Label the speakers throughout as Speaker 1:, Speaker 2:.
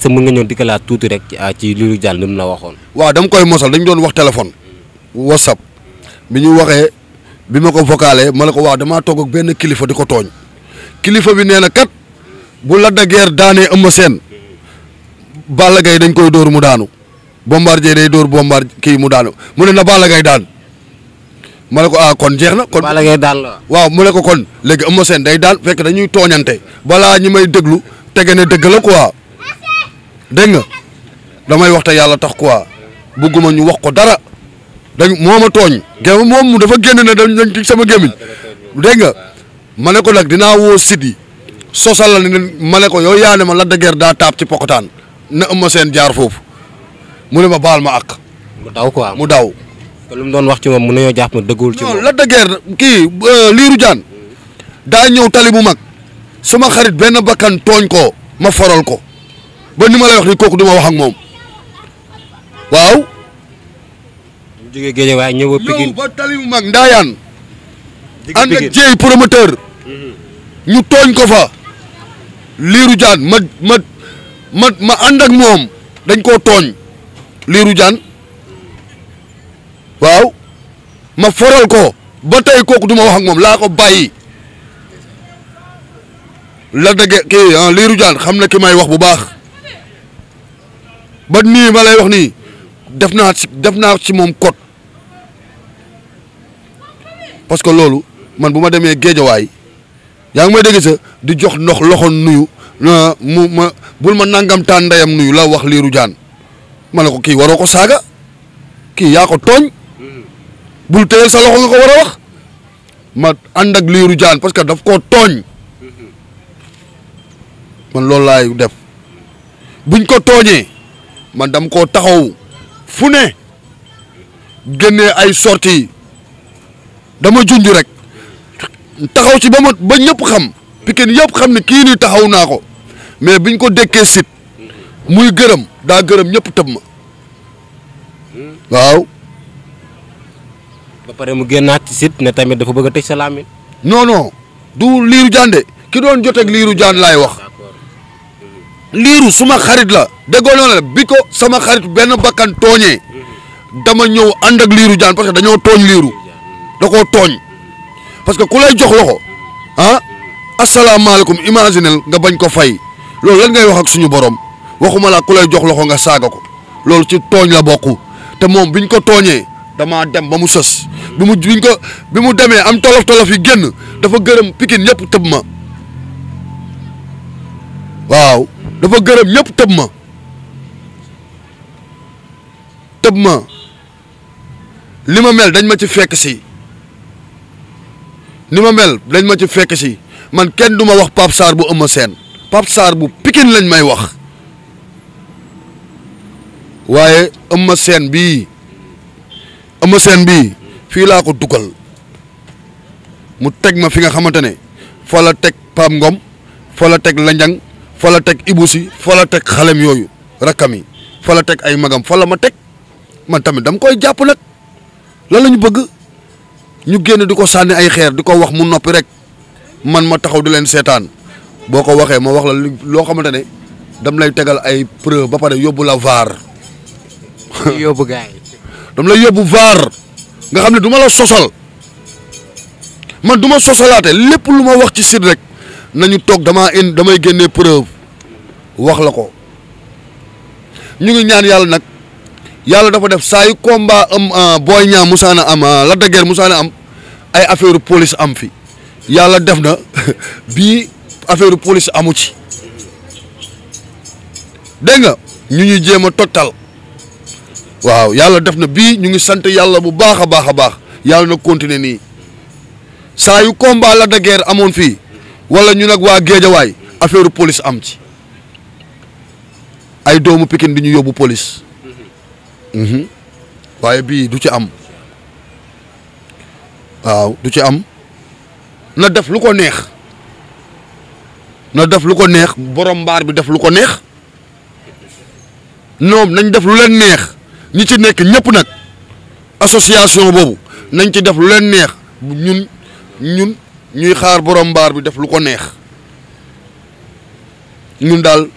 Speaker 1: est-ce mën nga ñëw dikkalaat tuuti rek ci Lirou ah, Diane li mu la waxoon. waa dama koy mosal dañ doon wax téléphone. whatsapp bi ñu waxee bi ma ko vocalé ma ne ko waaw damaa toog ak benn kilifa di ko tooñ. kilifa bi nee na kat bu Lac de Guiers daanee Eumeu Sène Balla Gaye dañ koy dóor mu daanu Bombardier day dóor Bombard kii mu daanu mu na Balla Gaye daan ma ne ko ah kon jeex na. kon Balla Gaye daan la waaw mu ne ko kon léegi Eumeu Sène day daan fekk dañuy tooñante balaa ñi may déglu tege ne dëgg la quoi. dégg nga damay wax te yàlla tax quoi bugguma ñu wax ko dara dañ moo ma tooñ. gémm moom dafa génn ne dañ dañ sama gémmiñ dégg nga ma ne ko nag dinaa woo sit yi sosal la ne ma ne ko yow yaa ne ma Lac de daa taab ci pokotaan na Eumeu seen jaar foofu mu ne ma baal ma ak mu daw quoi mu daw. te doon wax ci moom mu ne ñoo jàpp ma dëggul ci moom Lac de Guiers kii euh, liiru jaan daa ñëw tali bu mag sama xarit benn bakkan tooñ ko ma foral ko. ba ni ma lay wax ni kooku du ma wax moom waaw. bu jógee Guédiawaye ñëw ba Pikine tali mu mag Ndaayaan. ànd ak jéey promoteur. Mhm. ñu tooñ ko fa. Liiru Jaan ma ma ma ak moom dañ koo tooñ Liiru Jaan waaw ma foral ko ba tey kooku du ma moom laa ko bàyyi. la dëgg kii ah, Liiru Jaan xam na ki may wax bu baax. ba nii ma lay wax nii def naa ci def naa ci moom kot parce que loolu man bu ma demee géejawaay yaa ngi may dégg sa di jox ndox loxo nuyu mu ma bul ma nangam ndeyam nuyu la wax liiru jaan ma ne ko kii waroo ko saaga kii yaa ko tooñ bul téyel sa loxo ko war wax ma ànd ak liiru jaan parce que daf koo tooñ man loolu laay def buñ ko tooñee man dam koo taxaw fu ne génnee ay sorties dama junj rek taxaw ci ba ma ba ñëpp xam Pikine yëpp xam ne kii nii taxaw naa ko mais biñ ko dékkee sit muy gërëm daa gërëm ñépp tëb ma waaw. ba pare mu génnaat sit ne tamit dafa bëgg a tëj sa làmmiñ. non non du liiru jaan ki doon jot liiru jaan laay wax. liiru suma xarit la déggoo na la bi ko sama xarit benn bakkan tooñee dama ñëw ànd ak liiru jaan parce que dañoo tooñ liiru da koo tooñ parce que ku lay jox loxo ah asalaamaaleykum imaginel nga bañ ko fay loolu lan ngay wax ak suñu borom waxuma la ku lay jox loxo nga saaga ko loolu ci tooñ la bokk te moom biñ ko tooñee damaa dem ba mu sës bi mu biñ ko bi mu demee am tolof tolof yi génn dafa gërëm pikin yëpp tëb ma waaw. dafa gërëm ñépp tëb ma tëb ma li ma mel dañ ma ci fekk si li ma mel dañ ma ci fekk si man kenn du ma wax Pape Sarr bu Eumeu Sène Pape Sarr bu Pikine lañ may wax waaye Eumeu Sène bii Eumeu Sène bii fii laa ko dugal mu teg ma fi nga xamante ne fa la teg Pape Ngom fa la teg Lanjang fa la teg ibusi fa la teg xalem yooyu rakkam yi fa la teg ay magam fa la ma teg man tamit dam koy jàpp nag lan la ñu bëgg ñu génne di ko sànni ay xeer di ko wax mu noppi rek man ma taxaw di leen seetaan boo ko waxee ma wax la loo xamante ne dam lay tegal ay preuve ba pare yóbbu la vaar. yóbbu gaay dam lay yóbbu vaar nga xam ne duma la sosal man du ma sosalaate lépp lu ma wax ci site rek. nañu toog dama indi damay génne preuve wax la ko ñu ngi ñaan yàlla nag yàlla dafa def saa yu combat am ah, Boy Niang musaana am ah, Lac de Guiers musaana am ay affaire police am fi yàlla def na bii affaire police amu ci dégg nga ñu ñuy jéem a tottal waaw yàlla def na bii ñu ngi sant yàlla bu baax a baax a baax yàlla na continuer nii saa yu combat Lac de amoon fii wala ñu nag waa géejawaay affaire police am ci ay doomu Pikine di ñu yóbbu police mhm. waaye bii du ci am waaw du ci am na def lu ko neex na def lu ko neex borom mbaar bi def lu ko neex ñoom nañ def lu leen neex ñi ci nekk ñépp nag association boobu nañ ci def lu leen neex ñun ñun ñuy xaar borom mbaar bi def lu ko neex ñun daal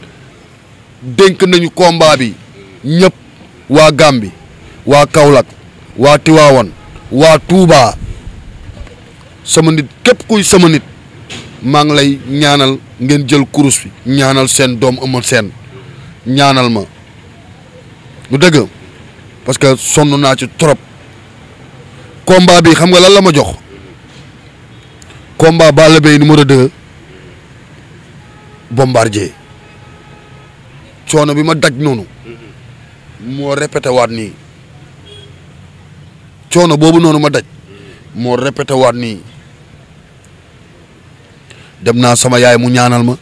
Speaker 1: dénk nañu combat bi ñëpp waa Gàmbi waa Kaolack waa Tiwaawan waa Touba sama nit képp kuy sama nit maa ngi lay ñaanal ngeen jël kurus bi ñaanal seen doom amal seen ñaanal ma lu dëgg parce que sonn naa ci trop kombaa bi xam nga lan la ma jox combat Balla Gaye numéro 2 bombardier coono bi ma daj noonu moo répété waat nii coono boobu noonu ma daj moo répété waat nii dem naa sama yaay mu ñaanal ma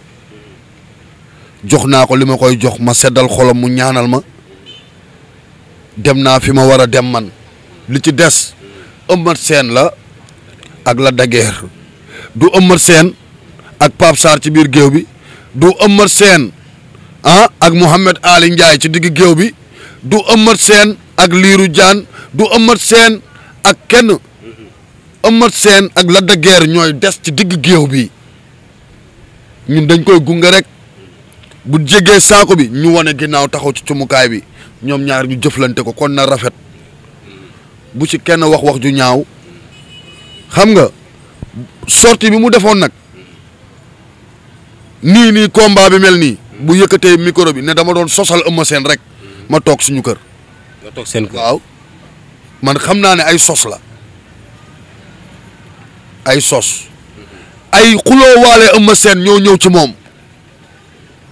Speaker 1: jox naa ko li ma koy jox ma seddal xolam mu ñaanal ma dem naa fi ma war a dem man li ci des ëmmat seen la ak la dageer du Eumeu seen ak Pape Sarr ci biir géew bi du Eumeu Sène ah, ak Mouhamed Ali Ndiaye ci digg géew bi du Eumeu Sène ak liiru Diane du Eumeu seen ak kenn Eumeu seen ak Lac de ñooy des ci digg géew bi ñun dañ koy gunge rek bu jegee saako bi ñu wane ginnaaw taxaw ci cumukaay bi ñoom ñaar ñu jëflante ko kon na rafet bu ci kenn wax wax ju ñaaw xam nga sorti bi mu defoon nag nii nii combat bi mel nii bu yëkkatee micro bi ne dama doon sosal ama seen rek ma toog suñu kër. toog seen kër waaw man xam naa ne ay sos la ay sos ay xuloo waale Eumeu Sène ñoo ñëw ci moom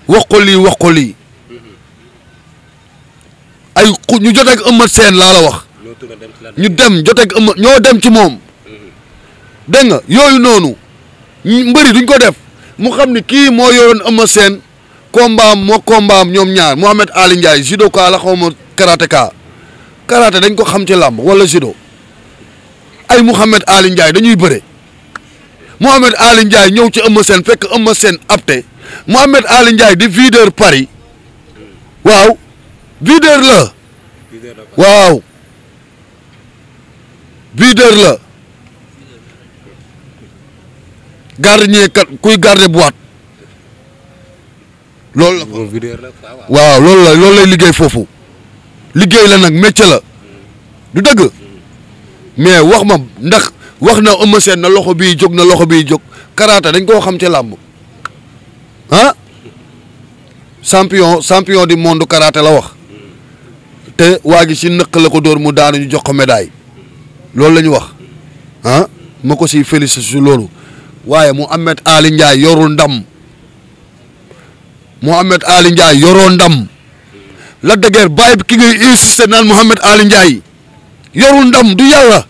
Speaker 1: wax ko lii wax ko lii ay ñu joteeg Eumeu seen laa la wax. ñu dem joteeg Eumeu ñoo dem ci moom. dégg nga yooyu noonu mbëri duñ ko def mu xam ni kii moo yoroon Eumeu Sène combat moo combat ñoom ñaar Mohamed Ali Ndiaye judoka la xaw ma karatéka karaté dañ ko xam ci làmb wala judo ay Mohamed Ali Ndiaye dañuy bëre Mohamed Ali Ndiaye ñëw ci Eumeu seen fekk Eumeu Sène apte Mohamed Ali Ndiaye di videur Paris waaw videur la waaw videur la gardien kat kuy garder boîte loolu la waaw loolu la loolu lay liggéey foofu liggéey la nag métier la du dëgg mais wax ma ndax wax na Eumeu Sène na loxo bii jóg na loxo bii jóg karaata dañ koo xam ci làmb ah champion champion du monde karaté la wax te waa gi si nëkk la ko dóor mu daanu ñu jox ko médaille loolu la wax ah ma ko siy félicité si loolu waaye Mouhamed Ali Ndiaye yorul ndam Mouhamed Ali Ndiaye yoroo ndam la dëgër bàyyi ki ngay insisté naan Mouhamed Ali Ndiaye yorul ndam du yàlla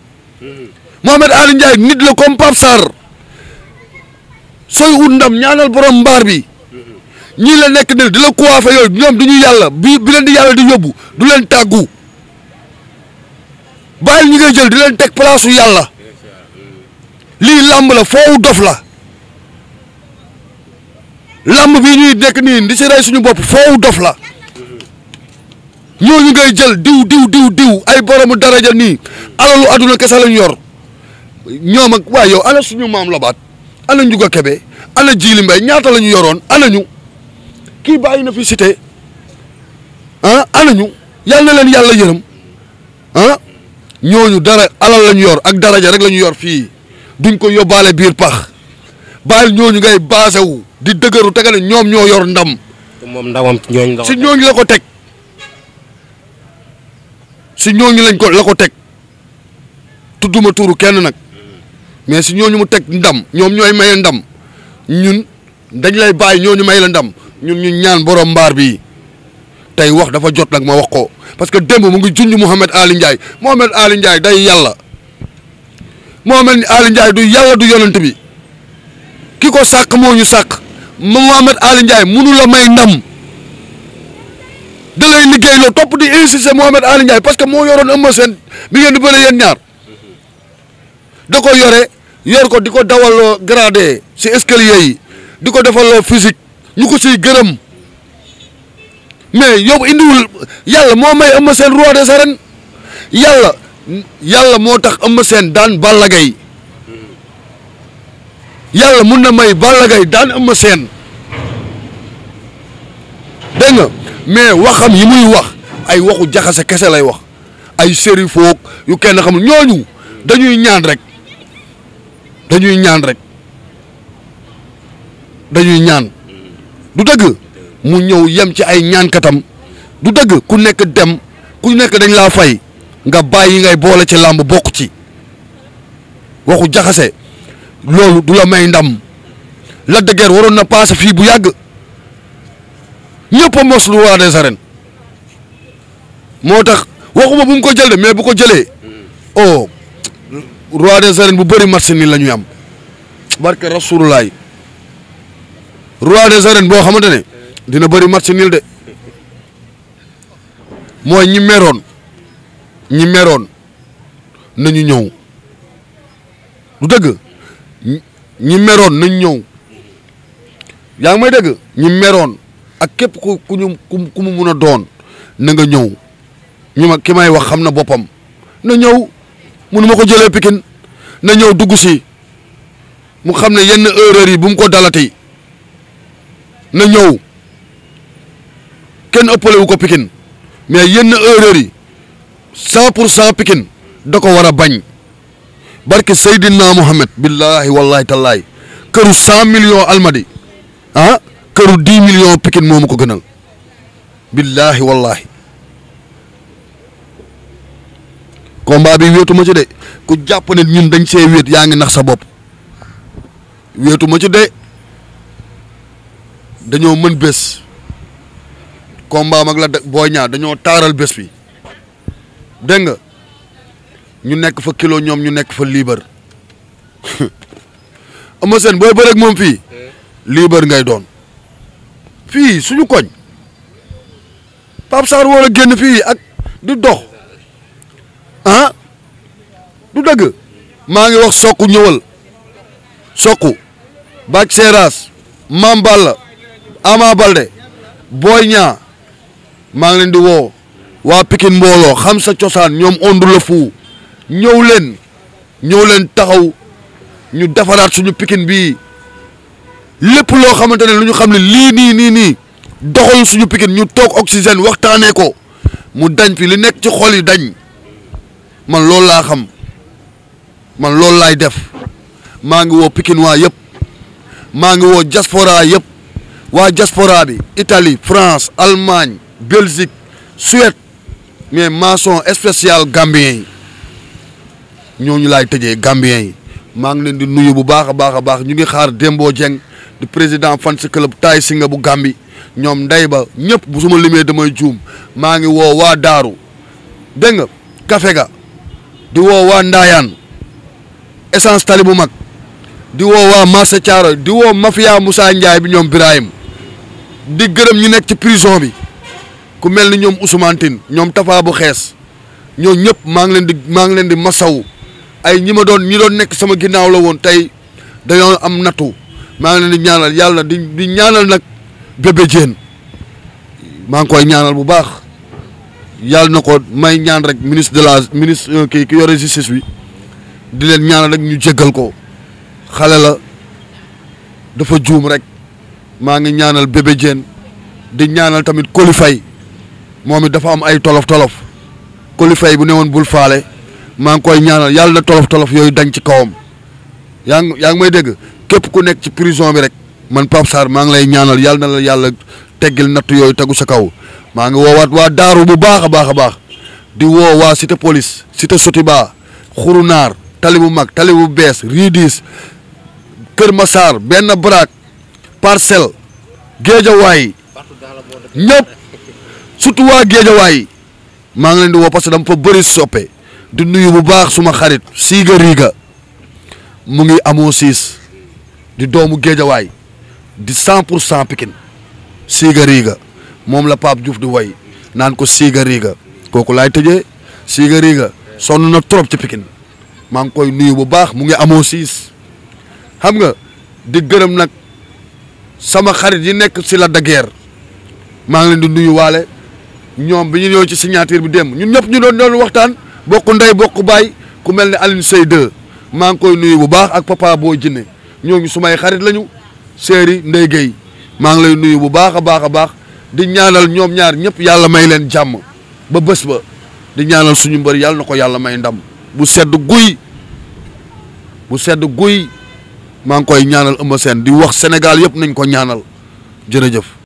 Speaker 1: Mouhamed Ali Ndiaye nit la comme Pape Sarr sooy ut ndam ñaanal borom mbaar bi ñii la nekk ne di la coiffé yooyu ñoom du ñu yàlla bi bi leen di yàlla di yóbbu du leen tàggu bàyyil ñi ngay jël di leen teg place yàlla. lii làmb la foowu dof la làmb bi ñuy nekk nii di si rey suñu bopp foowu dof la ñu ngay jël diw diw diw diw ay boromu daraja nii alalu aduna kese lañu yor ñoom ak waaye yow ana suñu maam lobaat ana Ndiouga Kébé ana Djili Mbaye ñaata la yoroon ana kii bàyyi na fi cité ah ana ñu yàlla na leen yàlla yërëm ah alal la yor ak daraja rek la yor fii. duñ ko yóbbaale biir pax baal ñooñu ngay baasewu di dëgëru tega ne ñoom ñoo yor ndam. moom ndamam ci ñooñu la ko teg si ñooñu la ko teg si ñooñu lañ ko la ko teg tudduma tuuru kenn nag mais si ñooñu mu teg ndam ñoom ñooy maye ndam ñun dañ lay bàyyi ñooñu may la ndam ñun ñu ñaan borom mbaar bi tey wax dafa jot nag ma wax ko parce que démb mu ngi junj Mouhamed Ali Ndiaye Mouhamed Ali Ndiaye day yàlla. Mouhamed Ali Ndiaye du yàlla du yonent bi ki ko sàq moo ñu sàq Mouhamed Ali Ndiaye munu la may ndam da lay liggéey loo topp di insister Mouhamed Ali parce que moo yoroon Eumeu bi ngeen di bëre yéen ñaar da ko yore yor ko di ko dawaloo gradé si escalier yi di ko defaloo physique ñu ko siy gërëm mais yow indiwul yàlla moo may Eumeu Sène roi des arènes yàlla. yàlla moo tax Eumeu seen daan Balla Gaye yàlla mun na may Balla Gaye daan Eumeu seen dégg nga mais waxam yi muy wax ay waxu jaxase kese lay wax ay sérifoog yu kenn xamul ñooñu dañuy ñaan rek dañuy ñaan rek dañuy ñaan du dëgg mu ñëw yem ci ay ñaankatam du dëgg ku nekk dem ku nekk dañ laa fay nga bàyyi ngay boole ci làmb bokk ci waxu jaxase loolu du la may ndam Lac de waroon na paase fii bu yàgg ñëpp a mos lu des arènes moo tax waxuma bu mu ko jël de mais bu ko jëlee oh roi des arènes bu bëri match nii la ñuy am barke rasulullaay roi des arènes boo xamante ne dina bëri match niil de mooy ñi meroon ñi meroon nañu ñëw du dëgg ñi meroon nañ ñëw yaa ngi may dëgg ñi meroon ak képp ku ku ñu doon na nga ñëw ñu ma ki wax xam na boppam na ñëw munu ma ko jëlee Pikine na ñëw dugg si mu xam ne yenn erreur yi bu mu ko dalati na ñëw kenn ëppalewu ko pikin mais yenn erreur yi cent pour cent pikin da ko war a bañ barke Seydina Mohamed billahi wallahi tallahi këru cent million almadi ah këru dix millions Pikine moomu ko gënal billahi wallahi combat bi wéetu ma ci de ku jàpp ne ñun dañ see wéet yaa ngi nax sa bopp wéetu ci de dañoo mën bés combat mag la Boy ñaar dañoo taaral bés bi dégg nga ñu nekk fa kilo ñoom ñu nekk fa liibar ama booy bëreeg moom fii eh? liibar ngay doon fii suñu koñ Pape Sarr war a génn fii ak di dox ah du dëgg maa ngi wax soq ñëwal soq Bac Seras Mame Balla Ama Balde Boy Niang maa ngi leen di woo waa pikin mbooloo xam sa cosaan ñoom ondu la fu ñëw leen ñëw leen taxaw ñu defaraat suñu Pikine bii lépp loo xamante ne lu ñu xam ne lii nii nii nii doxal suñu Pikine ñu toog oxygène waxtaanee ko mu dañ fii li nekk ci xol yi dañ man loolu laa xam man loolu laay def maa ngi woo pikin waa yëpp maa ngi woo jasporaa yëpp waa jasporaa bi Italie France Allemagne Belgique Suède mais maçon spécial gambien yi ñooñu laay tëjee gambien yi maa ngi leen di nuyu bu baax a baax a baax ñu ngi xaar Dembo Dieng di président fans club si nga bu Gambi ñoom nday ba ñëpp bu suma limee damay juum maa ngi woo waa daaru dégg nga kafe ga di woowaa ndaayaan essence tali bu mag di woo waa marché Thiaroye di woo mafia Moussa Ndiaye bi ñoom Birahim di gërëm ñu nekk ci prison bi ku mel ni ñoom Ousmane ñoom Tafa bu xees ñoo ñëpp maa ngi leen di maa ngi leen di masawu ay ñi ma doon ñi doon nekk sama ginnaaw la woon tey dañoo am nattu maa ngi leen di ñaanal yàlla di di ñaanal nag bébé Diène maa ngi koy ñaanal bu baax yàlla na ko may ñaan rek ministre de la ministre euh, kii ki yore justice bi di leen ñaanal rek ñu jéggal ko xale la dafa juum rek maa ngi ñaanal bébé di ñaanal tamit Coly Faye moom it dafa am ay tolof tolof kolifay bu ne woon bul faale maa ngi koy ñaanal yàlla na tolof tolof yooyu dañ ci kawam yaa ngi yaa ngi may dégg képp ku nekk ci prison bi rek man Pape Sarr maa ngi lay ñaanal yàlla na la yàlla teggil natt yooyu tegu sa kaw maa ngi woowaat waa daaru bu baax a baax a baax di woo waa cité police cité Sotiba xurunaar tali bu mag tali bu bees riidis Kër Massar benn baraak parcelle géejawaay ñëpp surtout waa Géejawaay maa ngi leen di woo parce que dama fa bëri soppe di nuyu bu baax suma xarit Siiga Riiga mu ngi amoo siis di doomu Géejawaay di cent pour cent Pikine Siiga Riiga moom la Pape Diouf di woy naan ko Siiga Riiga kooku laay tëjee Siiga Riiga sonn na trop ci Pikine maa ngi koy nuyu bu baax mu ngi amoo siis xam nga di gërëm nag sama xarit yi nekk si la daguère maa ngi leen di nuyu waale ñoom bi ñu ñëw ci signature bi démb ñun ñëpp ñu doon doon waxtaan bokk ndey bokk baay ku mel ni Alioune Seye 2 maa ngi koy nuyu bu baax ak papa boo jinne ñooñu sumay xarit lañu séeri Ndeye Gueye maa ngi lay nuyu bu baax a baax a baax di ñaanal ñoom ñaar ñëpp yàlla may leen jàmm ba bés ba di ñaanal suñu mbër yàlla na ko yàlla may ndam bu sedd guy bu sedd guy maa ngi koy ñaanal Eumeu seen di wax Sénégal yëpp nañ ko ñaanal jërëjëf